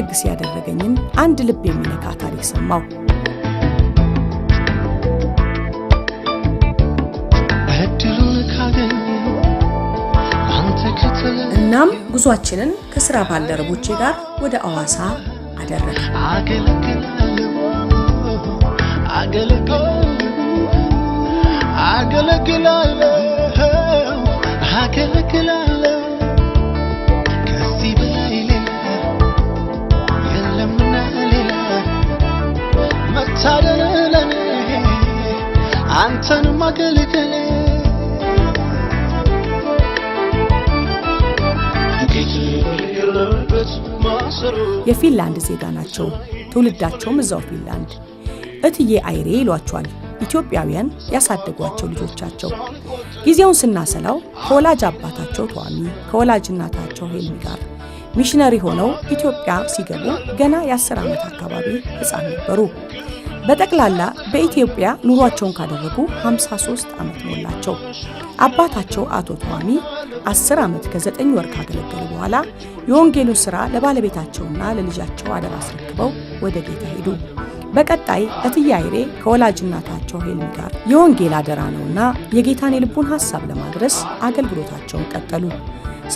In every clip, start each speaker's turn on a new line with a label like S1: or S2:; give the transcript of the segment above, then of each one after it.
S1: እንዳስገሰግስ ያደረገኝን አንድ ልብ የሚነካ ታሪክ ሰማው። እናም ጉዟችንን ከስራ ባልደረቦቼ ጋር ወደ አዋሳ አደረገ። አገለግላለሁ አገለግላለሁ ታደለ ለኔ አንተን ማገልገል የፊንላንድ ዜጋ ናቸው። ትውልዳቸውም እዛው ፊንላንድ። እትዬ አይሬ ይሏቸዋል ኢትዮጵያውያን ያሳደጓቸው ልጆቻቸው። ጊዜውን ስናሰላው ከወላጅ አባታቸው ተዋሚ ከወላጅ እናታቸው ሄልሚ ጋር ሚሽነሪ ሆነው ኢትዮጵያ ሲገቡ ገና የአስር ዓመት አካባቢ ሕፃን ነበሩ። በጠቅላላ በኢትዮጵያ ኑሯቸውን ካደረጉ 53 ዓመት ሞላቸው። አባታቸው አቶ ተዋሚ 10 ዓመት ከ9 ወር ካገለገሉ በኋላ የወንጌሉን ሥራ ለባለቤታቸውና ለልጃቸው አደራ አስረክበው ወደ ጌታ ሄዱ። በቀጣይ እትያይሬ ከወላጅ እናታቸው ሄልሚ ጋር የወንጌል አደራ ነውና የጌታን የልቡን ሐሳብ ለማድረስ አገልግሎታቸውን ቀጠሉ።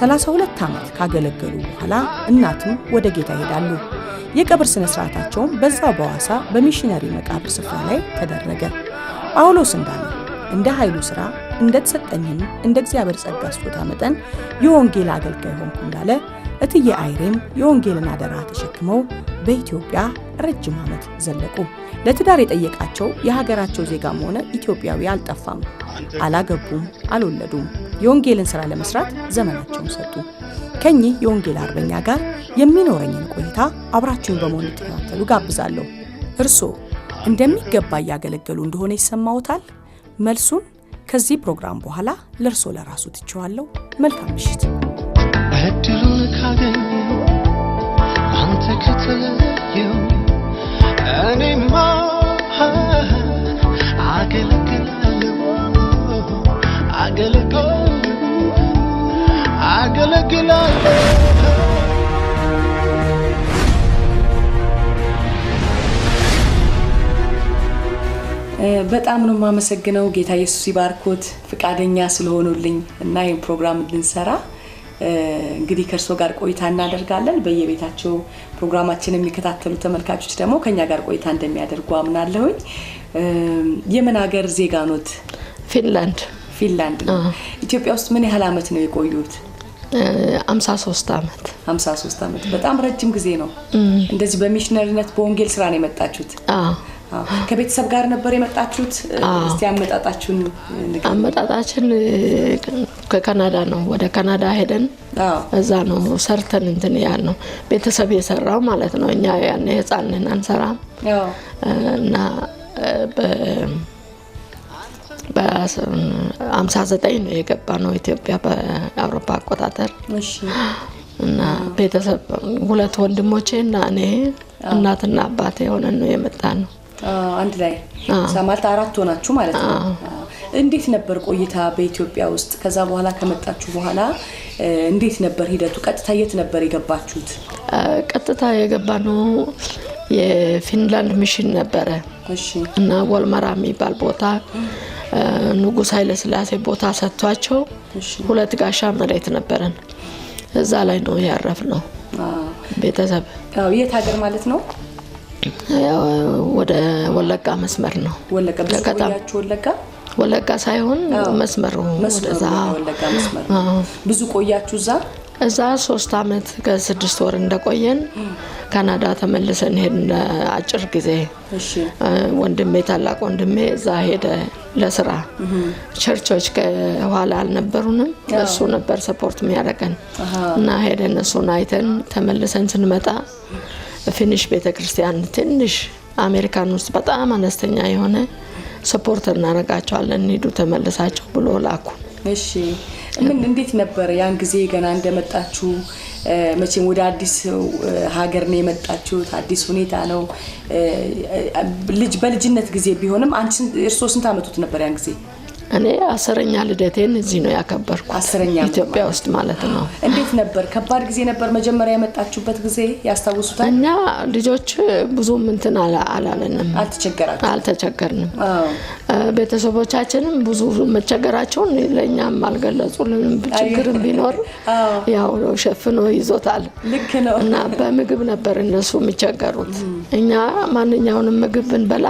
S1: 32 ዓመት ካገለገሉ በኋላ እናትም ወደ ጌታ ይሄዳሉ። የቀብር ስነ ስርዓታቸውም በዛው በዋሳ በሚሽነሪ መቃብር ስፍራ ላይ ተደረገ። ጳውሎስ እንዳለ እንደ ኃይሉ ሥራ እንደተሰጠኝም እንደ እግዚአብሔር ጸጋ ስጦታ መጠን የወንጌል አገልጋይ ሆንኩ እንዳለ እትዬ አይሬም የወንጌልን አደራ ተሸክመው በኢትዮጵያ ረጅም ዓመት ዘለቁ። ለትዳር የጠየቃቸው የሀገራቸው ዜጋም ሆነ ኢትዮጵያዊ አልጠፋም። አላገቡም፣ አልወለዱም። የወንጌልን ስራ ለመስራት ዘመናቸውን ሰጡ። ከኚህ የወንጌል አርበኛ ጋር የሚኖረኝን ቆይታ አብራችሁን በመሆን እንድትከታተሉ ጋብዛለሁ። እርስዎ እንደሚገባ እያገለገሉ እንደሆነ ይሰማዎታል? መልሱን ከዚህ ፕሮግራም በኋላ ለእርስዎ ለራሱ ትችዋለሁ። መልካም ምሽት። እድሉን ካገኘው አንተ ከተለየው
S2: በጣም ነው የማመሰግነው። ጌታ ኢየሱስ ይባርኮት፣ ፍቃደኛ ስለሆኑልኝ እና ይህን ፕሮግራም እንድንሰራ እንግዲህ ከእርሶ ጋር ቆይታ እናደርጋለን። በየቤታቸው ፕሮግራማችን የሚከታተሉ ተመልካቾች ደግሞ ከኛ ጋር ቆይታ እንደሚያደርጉ አምናለሁኝ። የምን ሀገር ዜጋ ኖት? ፊንላንድ። ፊንላንድ። ኢትዮጵያ ውስጥ ምን ያህል አመት ነው የቆዩት? ሶስት አመት ሶስት አመት በጣም ረጅም ጊዜ ነው። እንደዚህ በሚሽነሪነት በወንጌል ስራ ነው የመጣችሁት? ከቤተሰብ ጋር ነበር የመጣችሁት? እስቲ አመጣጣችሁን
S3: አመጣጣችን ከካናዳ ነው። ወደ ካናዳ ሄደን እዛ ነው ሰርተን እንትን ያል ነው ቤተሰብ የሰራው ማለት ነው። እኛ ያን ህፃንን አንሰራም እና በአምሳ ዘጠኝ ነው የገባ ነው ኢትዮጵያ በአውሮፓ አቆጣጠር እና ቤተሰብ ሁለት ወንድሞቼ እና እኔ እናትና አባቴ የሆነን ነው የመጣ ነው
S2: አንድ ላይ ማለት አራት ሆናችሁ ማለት ነው። እንዴት ነበር ቆይታ በኢትዮጵያ ውስጥ? ከዛ በኋላ ከመጣችሁ በኋላ እንዴት ነበር ሂደቱ? ቀጥታ የት ነበር የገባችሁት?
S3: ቀጥታ የገባ ነው የፊንላንድ ሚሽን ነበረ እና ወልመራ የሚባል ቦታ ንጉሥ ኃይለ ቦታ ሰጥቷቸው ሁለት ጋሻ መሬት ነበረን። እዛ ላይ ነው ያረፍ ነው ቤተሰብ
S2: የት ሀገር ማለት ነው
S3: ወደ ወለጋ መስመር ነው። ወለጋ ወለጋ ሳይሆን መስመሩ
S2: ወደዛ ብዙ ቆያችሁ እዛ
S3: እዛ ሶስት አመት ከስድስት ወር እንደቆየን ካናዳ ተመልሰን ሄድን። አጭር ጊዜ ወንድሜ ታላቅ ወንድሜ እዛ ሄደ ለስራ። ቸርቾች ከኋላ አልነበሩንም። እሱ ነበር ሰፖርት የሚያደርገን እና ሄደን እሱን አይተን ተመልሰን ስንመጣ ፊኒሽ ቤተክርስቲያን ትንሽ አሜሪካን ውስጥ በጣም አነስተኛ የሆነ ሰፖርት እናደርጋቸዋለን ሄዱ ተመልሳቸው ብሎ ላኩ።
S2: እሺ ምን እንዴት ነበር ያን ጊዜ ገና እንደመጣችሁ? መቼም ወደ አዲስ ሀገር ነው የመጣችሁት፣ አዲስ ሁኔታ ነው። ልጅ በልጅነት ጊዜ ቢሆንም አንቺ እርስዎ ስንት አመቱት ነበር ያን ጊዜ?
S3: እኔ አስረኛ ልደቴን እዚህ ነው ያከበርኩት። አስረኛ ኢትዮጵያ ውስጥ ማለት ነው።
S2: እንዴት ነበር? ከባድ ጊዜ ነበር መጀመሪያ የመጣችሁበት ጊዜ ያስታውሱታል?
S3: እኛ ልጆች ብዙም እንትን አላለንም፣ አልተቸገርንም። ቤተሰቦቻችንም ብዙ መቸገራቸውን ለእኛም አልገለጹልንም። ችግርም ቢኖር ያው ሸፍኖ ይዞታል። ልክ ነው። እና በምግብ ነበር እነሱ የሚቸገሩት። እኛ ማንኛውንም ምግብ ብንበላ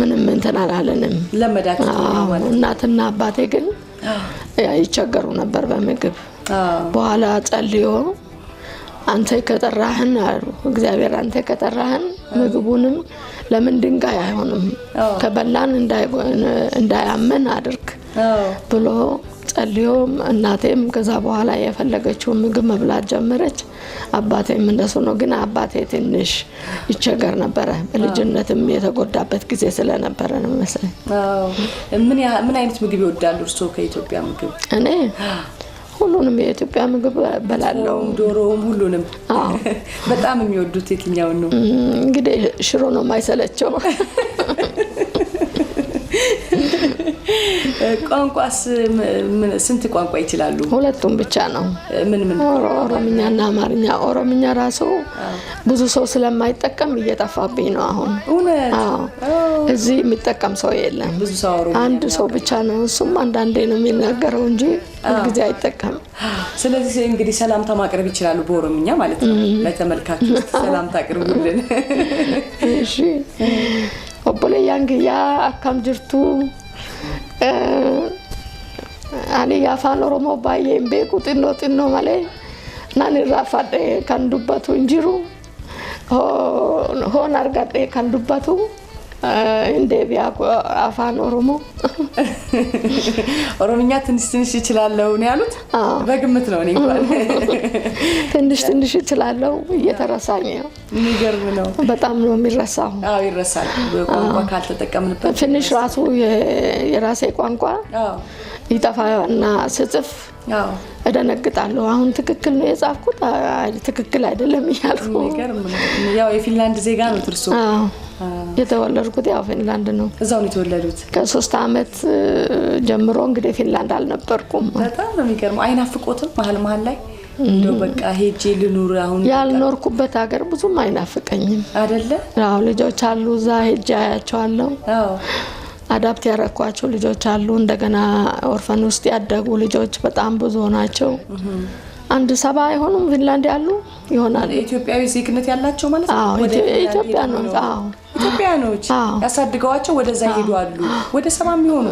S3: ምንም እንትን አላለንም። እናትና አባቴ ግን ይቸገሩ ነበር በምግብ በኋላ ጸልዮ አንተ ከጠራህን አሉ እግዚአብሔር አንተ ከጠራህን ምግቡንም ለምን ድንጋይ አይሆንም ከበላን እንዳያመን አድርግ ብሎ ጸልዮም እናቴም ከዛ በኋላ የፈለገችውን ምግብ መብላት ጀመረች። አባቴም እንደሱ ነው። ግን አባቴ ትንሽ ይቸገር ነበረ። በልጅነትም የተጎዳበት ጊዜ ስለነበረ ነው መሰለኝ።
S2: ምን አይነት ምግብ ይወዳሉ እርስዎ? ከኢትዮጵያ ምግብ
S3: እኔ ሁሉንም የኢትዮጵያ ምግብ በላለው።
S2: ዶሮም፣ ሁሉንም። በጣም የሚወዱት የትኛውን ነው?
S3: እንግዲህ ሽሮ ነው የማይሰለቸው።
S2: ቋንቋስ ስንት ቋንቋ ይችላሉ?
S3: ሁለቱም ብቻ ነው። ምን ምን? ኦሮምኛና አማርኛ። ኦሮምኛ ራሱ ብዙ ሰው ስለማይጠቀም እየጠፋብኝ ነው አሁን። አዎ፣ እዚህ የሚጠቀም ሰው የለም። አንድ ሰው ብቻ ነው፣ እሱም አንዳንዴ ነው የሚናገረው እንጂ ሁልጊዜ አይጠቀምም።
S2: ስለዚህ እንግዲህ ሰላምታ ማቅረብ ይችላሉ በኦሮምኛ ማለት ነው። ለተመልካቾች ሰላምታ አቅርቡልን። እሺ
S3: obboleeyyan kiyyaa akkam jirtu ani afaan Oromoo baay'ee hin beeku xinnoo xinnoo malee nan irraa fadhee kan dubbatu hin jiru hoon argadhee kan dubbatu እንደ ቢያቆ አፋን ኦሮሞ
S2: ኦሮምኛ ትንሽ ትንሽ ይችላለው ነው ያሉት። በግምት ነው እኔ እንኳን
S3: ትንሽ ትንሽ ይችላለው እየተረሳኝ ነው።
S2: የሚገርም ነው።
S3: በጣም ነው የሚረሳው።
S2: አዎ ይረሳል፣ ቋንቋ ካልተጠቀምንበት።
S3: ትንሽ ራሱ የራሴ ቋንቋ ይጠፋና ስጽፍ እደነግጣለሁ። አሁን ትክክል ነው የጻፍኩት፣ ትክክል አይደለም እያልኩ።
S2: ያው የፊንላንድ ዜጋ ነው ትርሱ
S3: የተወለድኩት ያው ፊንላንድ ነው።
S2: እዛው ነው የተወለዱት።
S3: ከሶስት አመት ጀምሮ እንግዲህ ፊንላንድ አልነበርኩም።
S2: በጣም ነው የሚገርመው። አይናፍቆትም መሀል መሀል ላይ እንደው በቃ ሄጄ ልኑር። አሁን
S3: ያልኖርኩበት ሀገር ብዙም አይናፍቀኝም አደለ? አዎ ልጆች አሉ እዛ ሄጄ አያቸዋለሁ። አዳፕት ያረኳቸው ልጆች አሉ። እንደገና ኦርፈን ውስጥ ያደጉ ልጆች በጣም ብዙ ናቸው። አንድ ሰባ አይሆኑም ፊንላንድ ያሉ ይሆናል።
S2: ኢትዮጵያዊ ዜግነት ያላቸው ማለት
S3: ነው። ኢትዮጵያ ነው። አዎ
S2: ኢትዮጵያኖች ያሳድገዋቸው ወደዛ ይሄዱ አሉ። ወደ ሰባ የሚሆኑ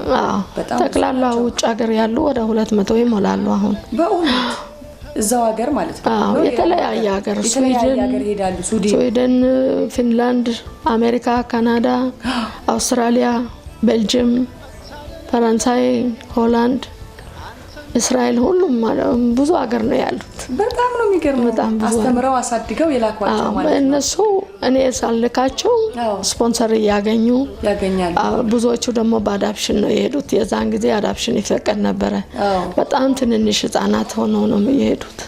S3: ጠቅላላ ውጭ ሀገር ያሉ ወደ ሁለት መቶ ይሞላሉ። አሁን
S2: በእውነት እዛው ሀገር ማለት
S3: ነው። የተለያየ ሀገር ስዊድን፣ ፊንላንድ፣ አሜሪካ፣ ካናዳ፣ አውስትራሊያ፣ ቤልጅየም፣ ፈረንሳይ፣ ሆላንድ እስራኤል ሁሉም ብዙ ሀገር ነው ያሉት።
S2: በጣም ነው የሚገርመው። በጣም ብዙ አስተምረው አሳድገው የላኳቸው
S3: ማለት ነው። እነሱ እኔ ሳልካቸው ስፖንሰር እያገኙ ያገኛሉ። ብዙዎቹ ደግሞ በአዳፕሽን ነው የሄዱት። የዛን ጊዜ አዳፕሽን ይፈቀድ ነበረ። በጣም ትንንሽ ህጻናት ሆነው ነው የሄዱት።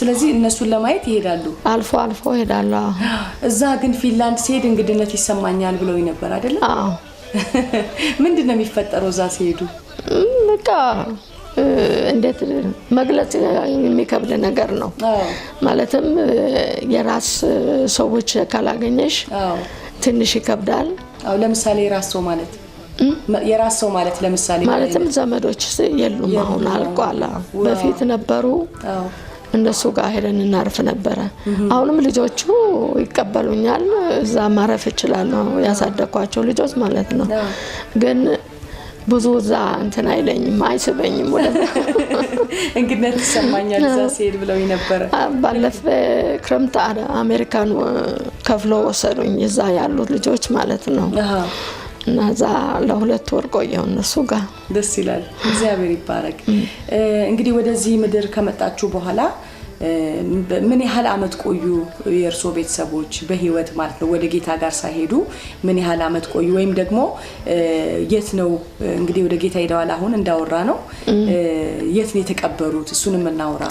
S2: ስለዚህ እነሱን ለማየት ይሄዳሉ፣
S3: አልፎ አልፎ ይሄዳሉ።
S2: እዛ ግን ፊንላንድ ሲሄድ እንግድነት ይሰማኛል ብለው ነበር አይደለም? ምንድን ነው የሚፈጠረው እዛ ሲሄዱ
S3: በቃ እንዴት መግለጽ የሚከብድ ነገር ነው። ማለትም የራስ ሰዎች ካላገኘሽ ትንሽ ይከብዳል።
S2: ለምሳሌ የራስ ሰው ማለት የራስ ሰው ማለት ለምሳሌ
S3: ማለትም ዘመዶች የሉም፣ አሁን አልቋላ። በፊት ነበሩ እነሱ ጋር ሄደን እናርፍ ነበረ። አሁንም ልጆቹ ይቀበሉኛል፣ እዛ ማረፍ እችላለሁ፣ ያሳደግኳቸው ልጆች ማለት ነው። ግን ብዙ እዛ እንትን አይለኝም አይስበኝም።
S2: እንግድነት ይሰማኛል እዛ ሲሄድ ብለው ነበረ።
S3: ባለፈ ክረምት አሜሪካን ከፍሎ ወሰዱኝ እዛ ያሉት ልጆች ማለት ነው። እና እዛ ለሁለት ወር ቆየው እነሱ ጋር።
S2: ደስ ይላል። እግዚአብሔር ይባረክ። እንግዲህ ወደዚህ ምድር ከመጣችሁ በኋላ ምን ያህል አመት ቆዩ የእርሶ ቤተሰቦች በህይወት ማለት ነው? ወደ ጌታ ጋር ሳይሄዱ ምን ያህል አመት ቆዩ? ወይም ደግሞ የት ነው እንግዲህ ወደ ጌታ ሄደዋል አሁን እንዳወራ ነው። የት ነው የተቀበሩት? እሱንም እናውራ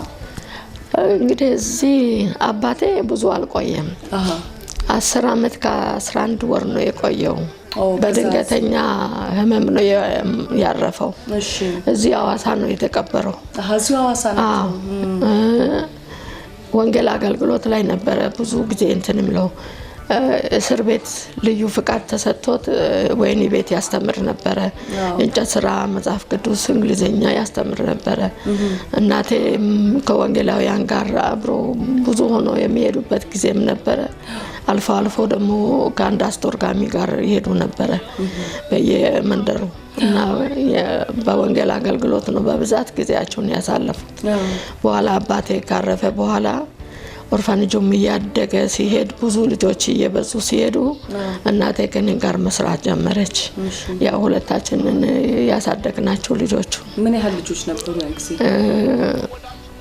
S3: እንግዲህ። እዚህ አባቴ ብዙ አልቆየም። አስር አመት ከአስራ አንድ ወር ነው የቆየው። በድንገተኛ ህመም ነው ያረፈው። እዚህ አዋሳ ነው የተቀበረው። ወንጌል አገልግሎት ላይ ነበረ ብዙ ጊዜ እንትን ምለው እስር ቤት ልዩ ፍቃድ ተሰጥቶት ወህኒ ቤት ያስተምር ነበረ። የእንጨት ስራ፣ መጽሐፍ ቅዱስ፣ እንግሊዝኛ ያስተምር ነበረ። እናቴ ከወንጌላውያን ጋር አብሮ ብዙ ሆኖ የሚሄዱበት ጊዜም ነበረ። አልፎ አልፎ ደግሞ ከአንድ አስተርጓሚ ጋር ይሄዱ ነበረ በየመንደሩ እና በወንጌል አገልግሎት ነው በብዛት ጊዜያቸውን ያሳለፉት። በኋላ አባቴ ካረፈ በኋላ ኦርፋንጁም እያደገ ሲሄድ ብዙ ልጆች እየበዙ ሲሄዱ እናቴ ከኔ ጋር መስራት ጀመረች። ያ ሁለታችንን ያሳደግናቸው ልጆቹ
S2: ምን ያህል ልጆች ነበሩ?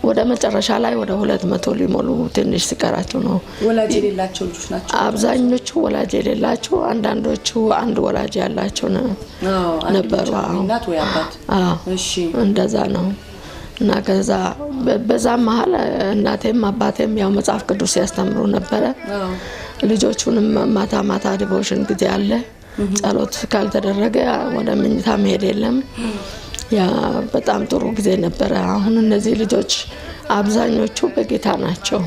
S3: ወደ መጨረሻ ላይ ወደ ሁለት መቶ ሊሞሉ ትንሽ ሲቀራቸው ነው።
S2: ወላጅ የሌላቸው ልጆች ናቸው
S3: አብዛኞቹ። ወላጅ የሌላቸው አንዳንዶቹ አንድ ወላጅ ያላቸው ነበሩ። እንደዛ ነው። እና ከዛ በዛ መሀል እናቴም አባቴም ያው መጽሐፍ ቅዱስ ሲያስተምሩ ነበረ። ልጆቹንም ማታ ማታ ዲቮሽን ጊዜ አለ። ጸሎት ካልተደረገ ወደ ምኝታ መሄድ የለም። ያ በጣም ጥሩ ጊዜ ነበረ። አሁን እነዚህ ልጆች አብዛኞቹ በጌታ ናቸው።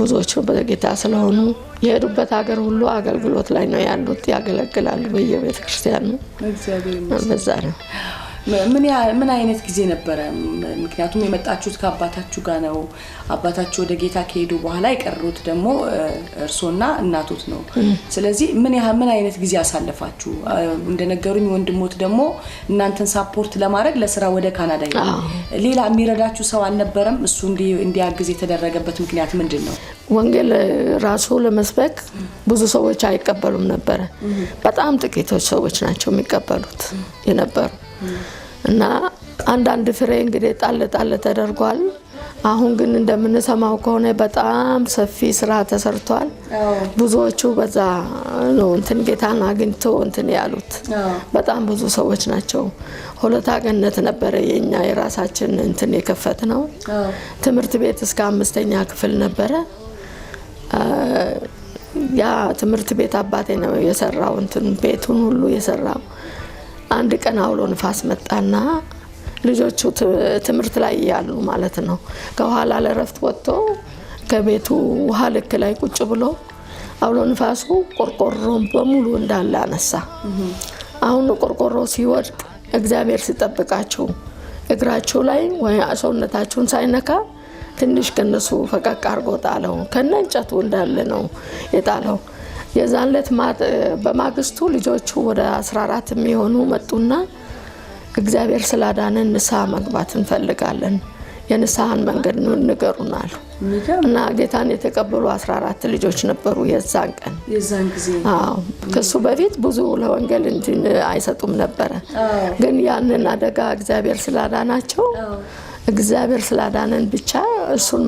S3: ብዙዎቹ በጌታ ስለሆኑ የሄዱበት ሀገር ሁሉ አገልግሎት ላይ ነው ያሉት፣ ያገለግላሉ በየቤተ ክርስቲያኑ
S2: በዛ ነው። ምን አይነት ጊዜ ነበረ? ምክንያቱም የመጣችሁት ከአባታችሁ ጋር ነው። አባታችሁ ወደ ጌታ ከሄዱ በኋላ የቀሩት ደግሞ እርሶና እናቶት ነው። ስለዚህ ምን ያህል ምን አይነት ጊዜ አሳለፋችሁ? እንደነገሩኝ ወንድሞት ደግሞ እናንተን ሳፖርት ለማድረግ ለስራ ወደ ካናዳ ሌላ የሚረዳችሁ ሰው አልነበረም? እሱ እንዲያግዝ የተደረገበት ምክንያት ምንድን ነው?
S3: ወንጌል ራሱ ለመስበክ ብዙ ሰዎች አይቀበሉም ነበረ። በጣም ጥቂቶች ሰዎች ናቸው የሚቀበሉት የነበሩ እና አንዳንድ ፍሬ እንግዲህ ጣል ጣል ተደርጓል። አሁን ግን እንደምንሰማው ከሆነ በጣም ሰፊ ስራ ተሰርቷል። ብዙዎቹ በዛ ነው እንትን ጌታን አግኝቶ እንትን ያሉት በጣም ብዙ ሰዎች ናቸው። ሆለታ ገነት ነበረ የኛ የራሳችን እንትን የከፈት ነው። ትምህርት ቤት እስከ አምስተኛ ክፍል ነበረ። ያ ትምህርት ቤት አባቴ ነው የሰራው እንትን ቤቱን ሁሉ የሰራው አንድ ቀን አውሎ ንፋስ መጣና ልጆቹ ትምህርት ላይ ያሉ ማለት ነው። ከኋላ ለረፍት ወጥቶ ከቤቱ ውሃ ልክ ላይ ቁጭ ብሎ አውሎ ንፋሱ ቆርቆሮን በሙሉ እንዳለ አነሳ። አሁን ቆርቆሮ ሲወድቅ እግዚአብሔር ሲጠብቃችሁ እግራችሁ ላይ ወይ ሰውነታችሁን ሳይነካ ትንሽ ከነሱ ፈቀቅ አርጎ ጣለው። ከነ እንጨቱ እንዳለ ነው የጣለው። የዛን ዕለት በማግስቱ ልጆቹ ወደ 14 የሚሆኑ መጡና እግዚአብሔር ስላዳነን ንስሐ መግባት እንፈልጋለን፣ የንስሐን መንገድ ንገሩን አሉ እና ጌታን የተቀበሉ 14 ልጆች ነበሩ። የዛን ቀን ከሱ በፊት ብዙ ለወንጌል እንትን አይሰጡም ነበረ። ግን ያንን አደጋ እግዚአብሔር ስላዳናቸው እግዚአብሔር ስላዳነን ብቻ እሱን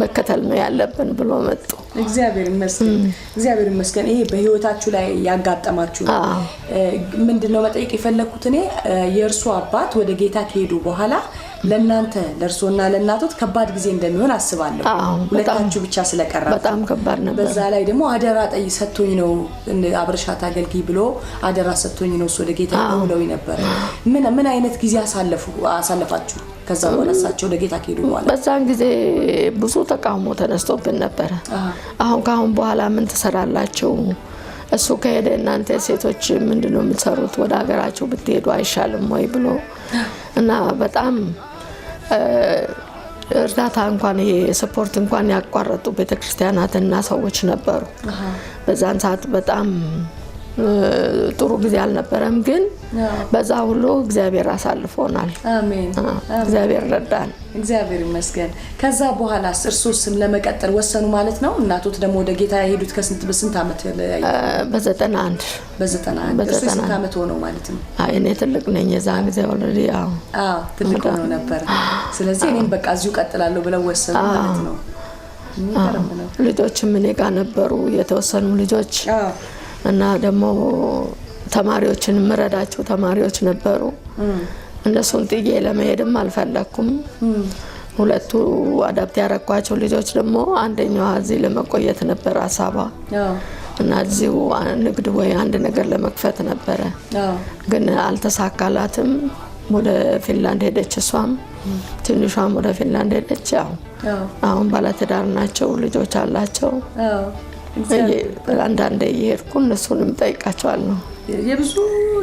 S3: መከተል ነው ያለብን ብሎ መጡ።
S2: እግዚአብሔር ይመስገን፣ እግዚአብሔር ይመስገን። ይሄ በህይወታችሁ ላይ ያጋጠማችሁ ምንድን ነው መጠየቅ የፈለግኩት እኔ የእርሱ አባት ወደ ጌታ ከሄዱ በኋላ ለእናንተ ለእርስዎና ለእናቶት ከባድ ጊዜ እንደሚሆን አስባለሁ። ሁለታችሁ ብቻ ስለቀራ
S3: በጣም ከባድ ነበር።
S2: በዛ ላይ ደግሞ አደራ ጠይ ሰጥቶኝ ነው አብረሻት አገልጊ ብሎ አደራ ሰጥቶኝ ነው እሱ ጌታ ብለው ነበር። ምን ምን አይነት ጊዜ አሳለፉ አሳለፋችሁ? ከዛ በኋላ እሳቸው ጌታ ከሄዱ በኋላ
S3: በዛን ጊዜ ብዙ ተቃውሞ ተነስቶብን ነበረ። አሁን ከአሁን በኋላ ምን ትሰራላችሁ? እሱ ከሄደ እናንተ ሴቶች ምንድነው የምትሰሩት? ወደ ሀገራችሁ ብትሄዱ አይሻልም ወይ ብሎ እና በጣም እርዳታ እንኳን ይሄ ስፖርት እንኳን ያቋረጡ ቤተክርስቲያናትና ሰዎች ነበሩ። በዛን ሰዓት በጣም ጥሩ ጊዜ አልነበረም፣ ግን በዛ ሁሉ እግዚአብሔር አሳልፎናል። አሜን። እግዚአብሔር ረዳን።
S2: እግዚአብሔር ይመስገን። ከዛ በኋላ እርሶስም ለመቀጠል ወሰኑ ማለት ነው? እናቶት ደግሞ ወደ ጌታ የሄዱት ከስንት በስንት ዓመት?
S3: በዘጠና አንድ
S2: በዘጠና አንድ እርሱ ስንት ዓመት ሆነው ማለት ነው?
S3: እኔ ትልቅ ነኝ የዛ ጊዜ ኦልሬዲ
S2: ትልቅ ሆነው ነበር። ስለዚህ እኔም በቃ እዚሁ ቀጥላለሁ ብለው ወሰኑ ማለት ነው።
S3: ልጆችም እኔ ጋር ነበሩ የተወሰኑ ልጆች እና ደግሞ ተማሪዎችን የምረዳቸው ተማሪዎች ነበሩ። እነሱን ጥዬ ለመሄድም አልፈለኩም። ሁለቱ አዳብት ያረኳቸው ልጆች ደግሞ አንደኛዋ እዚህ ለመቆየት ነበር ሀሳቧ እና እዚሁ ንግድ ወይ አንድ ነገር ለመክፈት ነበረ፣ ግን አልተሳካላትም። ወደ ፊንላንድ ሄደች። እሷም ትንሿም ወደ ፊንላንድ ሄደች። ያው አሁን ባለትዳር ናቸው፣ ልጆች አላቸው። አንዳንዴ እየሄድኩ እነሱንም ነው
S2: የብዙ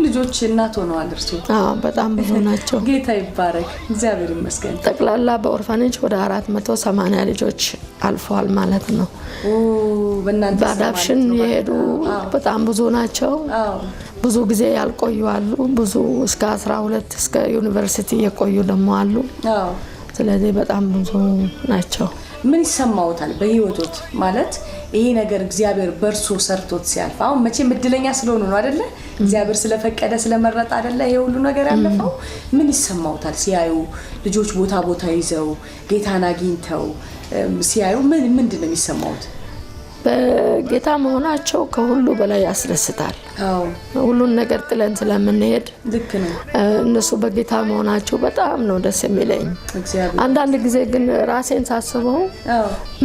S2: ልጆች እናት ሆነዋል። እርስዎ?
S3: በጣም ብዙ ናቸው።
S2: ጌታ ይባረክ፣ እግዚአብሔር ይመስገን።
S3: ጠቅላላ በኦርፋኔጅ ወደ አራት መቶ ሰማኒያ ልጆች አልፈዋል ማለት ነው። በአዳፕሽን የሄዱ በጣም ብዙ ናቸው። ብዙ ጊዜ ያልቆዩ አሉ። ብዙ እስከ አስራ ሁለት እስከ ዩኒቨርሲቲ የቆዩ ደግሞ አሉ። ስለዚህ በጣም ብዙ ናቸው።
S2: ምን ይሰማውታል በህይወቶት ማለት ይሄ ነገር እግዚአብሔር በእርሶ ሰርቶት ሲያልፍ፣ አሁን መቼም እድለኛ ስለሆኑ ነው አይደለ? እግዚአብሔር ስለፈቀደ ስለመረጠ አይደለ? ይሄ ሁሉ ነገር ያለፈው ምን ይሰማውታል ሲያዩ ልጆች ቦታ ቦታ ይዘው ጌታን አግኝተው ሲያዩ ምን ምንድን ነው የሚሰማውት?
S3: በጌታ መሆናቸው ከሁሉ በላይ ያስደስታል። ሁሉን ነገር ጥለን ስለምንሄድ ልክ ነው። እነሱ በጌታ መሆናቸው በጣም ነው ደስ የሚለኝ። አንዳንድ ጊዜ ግን ራሴን ሳስበው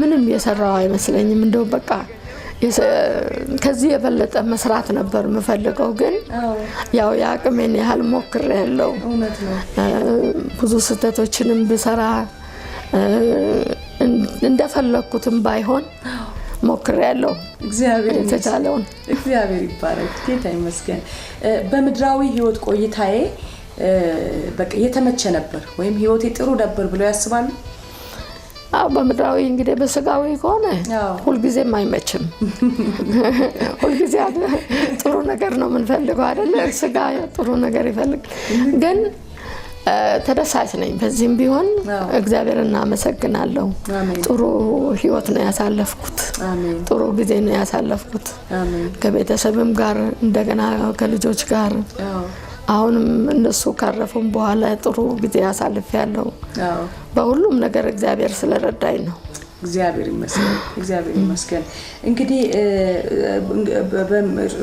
S3: ምንም የሰራው አይመስለኝም። እንደው በቃ ከዚህ የበለጠ መስራት ነበር የምፈልገው፣ ግን ያው የአቅሜን ያህል ሞክር ያለው ብዙ ስህተቶችንም ብሰራ እንደፈለግኩትም ባይሆን ሞክሬያለሁ።
S2: እግዚአብሔር የተቻለውን እግዚአብሔር ይባረክ። ጌታ ይመስገን። በምድራዊ ህይወት ቆይታዬ በቃ የተመቸ ነበር ወይም ህይወቴ ጥሩ ነበር ብለው ያስባሉ?
S3: አዎ በምድራዊ እንግዲህ በስጋዊ ከሆነ ሁልጊዜም አይመችም። ሁልጊዜ ጥሩ ነገር ነው የምንፈልገው አይደለ? ስጋ ጥሩ ነገር ይፈልግ ግን ተደሳች ነኝ። በዚህም ቢሆን እግዚአብሔር እናመሰግናለሁ። ጥሩ ህይወት ነው ያሳለፍኩት፣ ጥሩ ጊዜ ነው ያሳለፍኩት ከቤተሰብም ጋር እንደገና ከልጆች ጋር አሁንም እነሱ ካረፉም በኋላ ጥሩ ጊዜ አሳልፍ ያለው በሁሉም ነገር እግዚአብሔር ስለረዳኝ ነው።
S2: እግዚአብሔር ይመስገን፣ እግዚአብሔር ይመስገን። እንግዲህ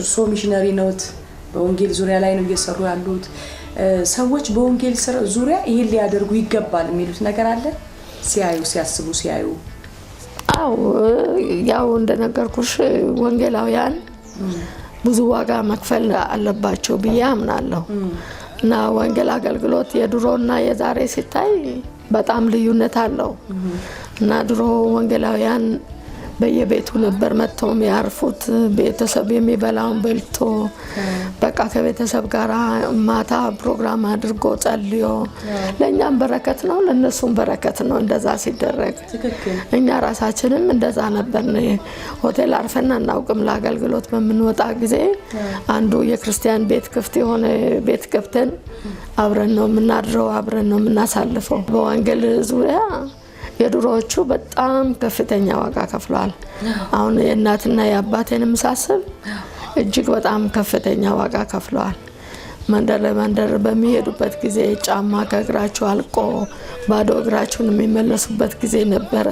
S2: እርስዎ ሚሽነሪ ነዎት፣ በወንጌል ዙሪያ ላይ ነው እየሰሩ ያሉት። ሰዎች በወንጌል ዙሪያ ይህን ሊያደርጉ ይገባል የሚሉት ነገር አለ። ሲያዩ ሲያስቡ ሲያዩ
S3: አው ያው እንደነገርኩሽ ወንጌላውያን ብዙ ዋጋ መክፈል አለባቸው ብዬ አምናለሁ እና ወንጌል አገልግሎት የድሮና የዛሬ ሲታይ በጣም ልዩነት አለው እና ድሮ ወንጌላውያን በየቤቱ ነበር መጥተው የሚያርፉት። ቤተሰብ የሚበላውን በልቶ በቃ ከቤተሰብ ጋር ማታ ፕሮግራም አድርጎ ጸልዮ፣ ለእኛም በረከት ነው፣ ለእነሱም በረከት ነው። እንደዛ ሲደረግ እኛ ራሳችንም እንደዛ ነበር። ሆቴል አርፈና እናውቅም። ለአገልግሎት በምንወጣ ጊዜ አንዱ የክርስቲያን ቤት ክፍት የሆነ ቤት ገብተን አብረን ነው የምናድረው፣ አብረን ነው የምናሳልፈው በወንጌል ዙሪያ የድሮዎቹ በጣም ከፍተኛ ዋጋ ከፍለዋል። አሁን የእናትና የአባቴንም ሳስብ እጅግ በጣም ከፍተኛ ዋጋ ከፍለዋል። መንደር ለመንደር በሚሄዱበት ጊዜ ጫማ ከእግራቸው አልቆ ባዶ እግራቸውን የሚመለሱበት ጊዜ ነበረ።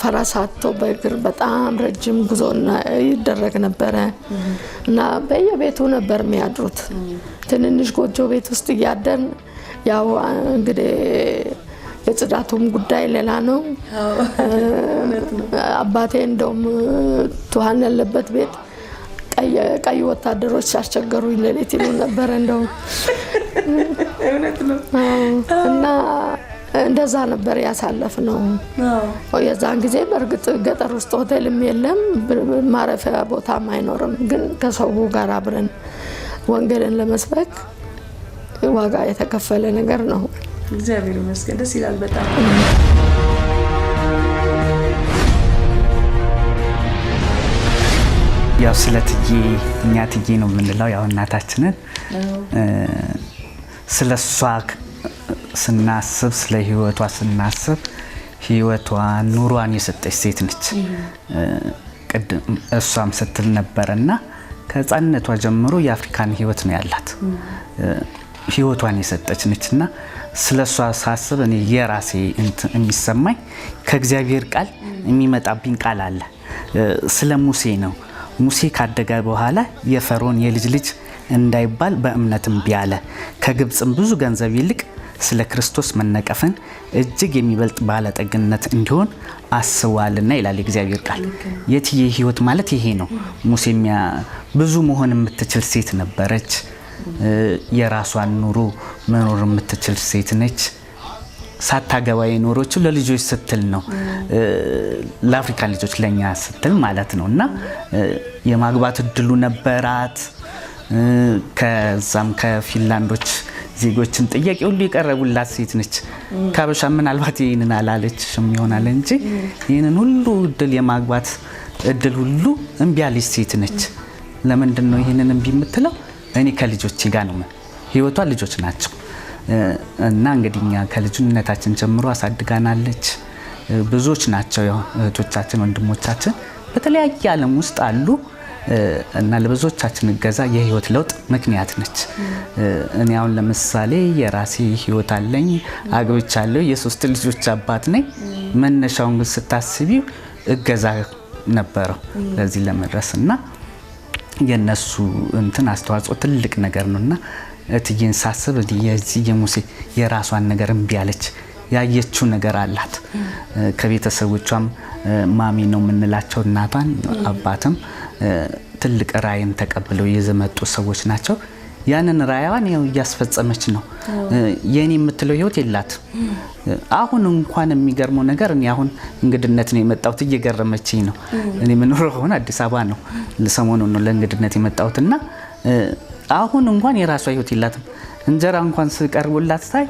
S3: ፈረሳቶ በእግር በጣም ረጅም ጉዞ ይደረግ ነበረ እና በየቤቱ ነበር የሚያድሩት። ትንንሽ ጎጆ ቤት ውስጥ እያደን ያው እንግዲህ የጽዳቱም ጉዳይ ሌላ ነው። አባቴ እንደውም ትኋን ያለበት ቤት ቀይ ወታደሮች ሲያስቸገሩ ሌሊት ይሉ ነበረ እንደውም እና እንደዛ ነበር ያሳለፍ ነው። የዛን ጊዜ በእርግጥ ገጠር ውስጥ ሆቴልም የለም ማረፊያ ቦታም አይኖርም። ግን ከሰው ጋር አብረን ወንጌልን ለመስበክ ዋጋ የተከፈለ ነገር ነው።
S2: እግዚአብሔር ይመስገን ደስ ይላል በጣም።
S4: ያው ስለ ትዬ እኛ ትዬ ነው የምንለው ያው እናታችንን ስለ እሷ ስናስብ ስለ ህይወቷ ስናስብ ህይወቷ ኑሯን የሰጠች ሴት ነች። ቅድም እሷም ስትል ነበረና ከህፃንነቷ ጀምሮ የአፍሪካን ህይወት ነው ያላት። ህይወቷን የሰጠች ነች እና ስለ እሷ ሳስብ እኔ የራሴ የሚሰማኝ ከእግዚአብሔር ቃል የሚመጣብኝ ቃል አለ። ስለ ሙሴ ነው። ሙሴ ካደገ በኋላ የፈርዖን የልጅ ልጅ እንዳይባል በእምነትም ቢያለ ከግብፅም ብዙ ገንዘብ ይልቅ ስለ ክርስቶስ መነቀፍን እጅግ የሚበልጥ ባለጠግነት እንዲሆን አስቧልና ይላል የእግዚአብሔር ቃል። የትዬ ህይወት ማለት ይሄ ነው። ሙሴ ብዙ መሆን የምትችል ሴት ነበረች። የራሷን ኑሮ መኖር የምትችል ሴት ነች። ሳታገባ የኖሮች ለልጆች ስትል ነው፣ ለአፍሪካ ልጆች ለእኛ ስትል ማለት ነው። እና የማግባት እድሉ ነበራት። ከዛም ከፊንላንዶች ዜጎችን ጥያቄ ሁሉ የቀረቡላት ሴት ነች። ከሀበሻ ምናልባት ይህንን አላለችም ይሆናል እንጂ ይህንን ሁሉ እድል የማግባት እድል ሁሉ እምቢ ያለች ሴት ነች። ለምንድን ነው ይህንን እምቢ የምትለው? እኔ ከልጆቼ ጋር ነው ህይወቷ ልጆች ናቸው እና እንግዲህ እኛ ከልጅነታችን ጀምሮ አሳድጋናለች። ብዙዎች ናቸው እህቶቻችን፣ ወንድሞቻችን በተለያየ ዓለም ውስጥ አሉ እና ለብዙዎቻችን እገዛ የህይወት ለውጥ ምክንያት ነች። እኔ አሁን ለምሳሌ የራሴ ህይወት አለኝ፣ አግብቻለሁ፣ የሶስት ልጆች አባት ነኝ። መነሻውን ግን ስታስቢው እገዛ ነበረው ለዚህ ለመድረስ እና የነሱ እንትን አስተዋጽኦ ትልቅ ነገር ነው እና እትዬን ሳስብ የዚህ የሙሴ የራሷን ነገር እምቢ አለች። ያየችው ነገር አላት። ከቤተሰቦቿም ማሚ ነው የምንላቸው እናቷን አባትም ትልቅ ራዕይን ተቀብለው የዘመጡ ሰዎች ናቸው። ያንን ራያዋን እያስፈጸመች ነው። የኔ የምትለው ህይወት የላት። አሁን እንኳን የሚገርመው ነገር እኔ አሁን እንግድነት ነው የመጣሁት፣ እየገረመችኝ ነው። እኔ የምኖረው ከሆነ አዲስ አበባ ነው። ለሰሞኑ ነው ለእንግድነት የመጣሁት እና አሁን እንኳን የራሷ ህይወት የላትም። እንጀራ እንኳን ስቀርቡላት ታይ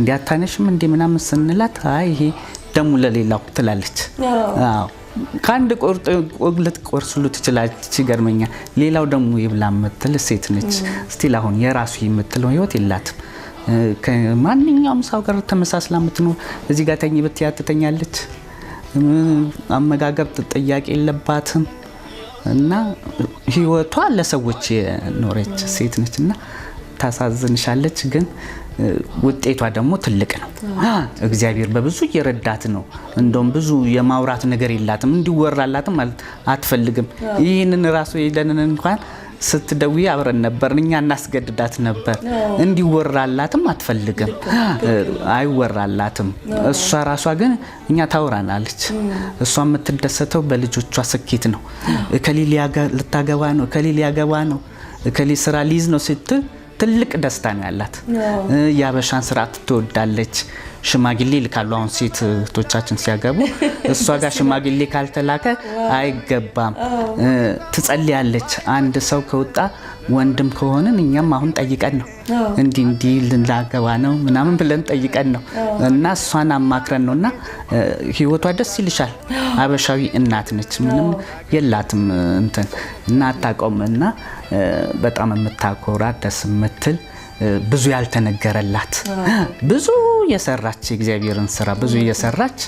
S4: እንዲያታነሽም እንዲ ምናምን ስንላት አይ ይሄ ደሙ ለሌላው ትላለች። አዎ ከአንድ ቁርጥ ቁርስ ሁሉ ትችላለች፣ ይገርመኛል። ሌላው ደግሞ ይብላ የምትል ሴት ነች። ስቲል አሁን የራሱ የምትለው ህይወት የላትም። ከማንኛውም ሰው ጋር ተመሳስላ የምትኖር እዚህ ጋር ተኝ ብትያ ትተኛለች። አመጋገብ ጥያቄ የለባትም እና ህይወቷ ለሰዎች የኖረች ሴት ነች እና ታሳዝንሻለች ግን ውጤቷ ደግሞ ትልቅ ነው። እግዚአብሔር በብዙ እየረዳት ነው። እንደውም ብዙ የማውራት ነገር የላትም እንዲወራላትም አትፈልግም። ይህንን ራሱ የለንን እንኳን ስትደዊ አብረን ነበር። እኛ እናስገድዳት ነበር። እንዲወራላትም አትፈልግም፣ አይወራላትም። እሷ ራሷ ግን እኛ ታወራናለች። እሷ የምትደሰተው በልጆቿ ስኬት ነው። እከሌ ልታገባ ነው፣ እከሌ ሊያገባ ነው፣ እከሌ ስራ ሊይዝ ነው ስትል ትልቅ ደስታ ነው ያላት። የአበሻን ስርዓት ትወዳለች። ሽማግሌ ይልካሉ። አሁን ሴት እህቶቻችን ሲያገቡ እሷ ጋር ሽማግሌ ካልተላከ አይገባም። ትጸልያለች። አንድ ሰው ከወጣ ወንድም ከሆንን እኛም አሁን ጠይቀን ነው እንዲ እንዲ ልንላገባ ነው ምናምን ብለን ጠይቀን ነው እና እሷን አማክረን ነው እና ህይወቷ ደስ ይልሻል። አበሻዊ እናት ነች፣ ምንም የላትም እንትን እና አታቆም እና በጣም የምታኮራ ደስ የምትል ብዙ ያልተነገረላት ብዙ የሰራች የእግዚአብሔርን ስራ ብዙ የሰራች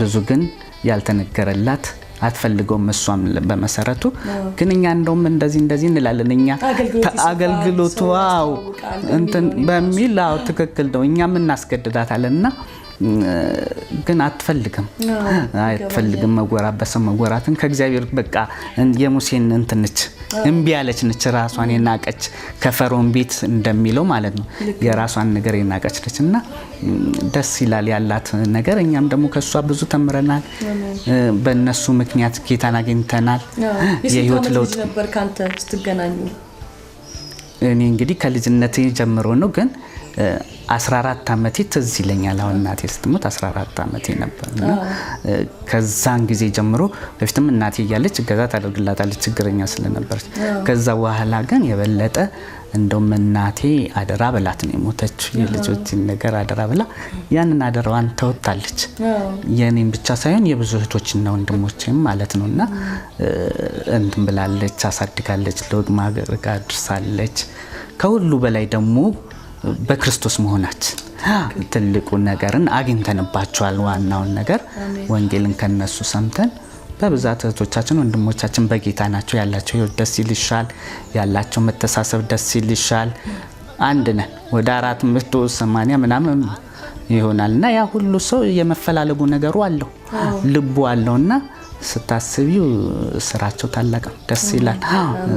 S4: ብዙ ግን ያልተነገረላት አትፈልገውም እሷም በመሰረቱ ግን እኛ እንደውም እንደዚህ እንደዚህ እንላለን። እኛ አገልግሎቱ እንትን በሚል ትክክል ነው። እኛም እናስገድዳታለን እና ግን አትፈልግም አትፈልግም መጎራት በሰው መጎራትን ከእግዚአብሔር በቃ የሙሴን እንትንች እምቢ ያለች ነች ራሷን የናቀች ከፈሮን ቤት እንደሚለው ማለት ነው የራሷን ነገር የናቀች ነች እና ደስ ይላል ያላት ነገር እኛም ደግሞ ከእሷ ብዙ ተምረናል በእነሱ ምክንያት ጌታን አግኝተናል የህይወት ለውጥ
S2: ነበር ከአንተ ስትገናኙ
S4: እኔ እንግዲህ ከልጅነቴ ጀምሮ ነው ግን 14 ዓመቴ ትዝ ይለኛል። አሁን እናቴ ስትሞት 14 ዓመቴ ነበር እና ከዛን ጊዜ ጀምሮ በፊትም እናቴ እያለች እገዛ ታደርግላታለች ችግረኛ ስለነበረች። ከዛ በኋላ ግን የበለጠ እንደውም እናቴ አደራ በላት ነው የሞተች የልጆች ነገር አደራ ብላ ያንን አደራዋን ተወጣለች። የኔም ብቻ ሳይሆን የብዙ እህቶችና ወንድሞችም ማለት ነው እና እንትን ብላለች፣ አሳድጋለች፣ ለወግ ማዕረግ አድርሳለች። ከሁሉ በላይ ደግሞ በክርስቶስ መሆናችን ትልቁን ነገርን አግኝተንባቸዋል። ዋናውን ነገር ወንጌልን ከነሱ ሰምተን በብዛት እህቶቻችን ወንድሞቻችን በጌታ ናቸው። ያላቸው ህይወት ደስ ይልሻል፣ ያላቸው መተሳሰብ ደስ ይልሻል። አንድ ነን ወደ አራት መቶ ሰማንያ ምናምን ይሆናል እና ያ ሁሉ ሰው የመፈላለጉ ነገሩ አለው ልቡ አለውና ስታስቢው ስራቸው ታላቅ ደስ ይላል፣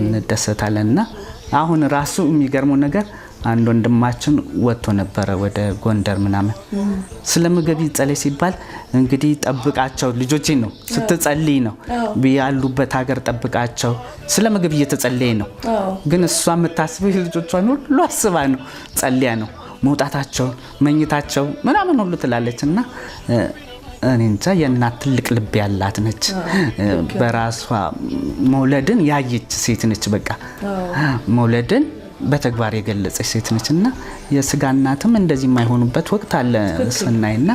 S4: እንደሰታለን እና አሁን ራሱ የሚገርመው ነገር አንድ ወንድማችን ወጥቶ ነበረ ወደ ጎንደር ምናምን ስለ ምግብ ይጸለይ ሲባል እንግዲህ ጠብቃቸው ልጆቼ ነው ስትጸልይ ነው ያሉበት ሀገር ጠብቃቸው ስለ ምግብ እየተጸለየ ነው። ግን እሷ የምታስበ ልጆቿን ሁሉ አስባ ነው ጸልያ ነው መውጣታቸውን መኝታቸው ምናምን ሁሉ ትላለች እና እኔ እንጃ የእናት ትልቅ ልብ ያላት ነች። በራሷ መውለድን ያየች ሴት ነች። በቃ መውለድን በተግባር የገለጸች ሴት ነች እና የስጋ እናትም እንደዚህ የማይሆኑበት ወቅት አለ ስናይና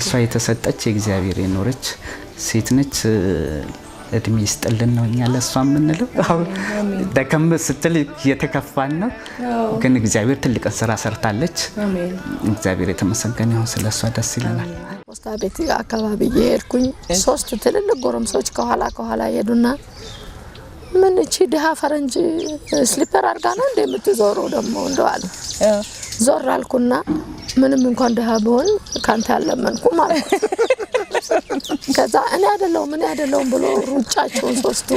S4: እሷ የተሰጠች የእግዚአብሔር የኖረች ሴት ነች። እድሜ ይስጥልን ነው እኛ ለእሷ የምንለው። ደከም ስትል እየተከፋን ነው፣ ግን እግዚአብሔር ትልቅን ስራ ሰርታለች። እግዚአብሔር የተመሰገነ ይሁን። ስለ እሷ ደስ ይለናል።
S3: ፖስታ ቤት አካባቢ የሄድኩኝ ሶስት ትልልቅ ጎረምሶች ከኋላ ከኋላ ሄዱና ምን እቺ ድሃ ፈረንጅ ስሊፐር አድርጋ ነው እንደ የምትዞረው ደግሞ እንደዋል ዞር አልኩና ምንም እንኳን ድሃ ብሆን ካንተ ያለመንኩ ማለት ከዛ እኔ አይደለሁም እኔ አይደለሁም ብሎ ሩጫቸውን ሶስቱ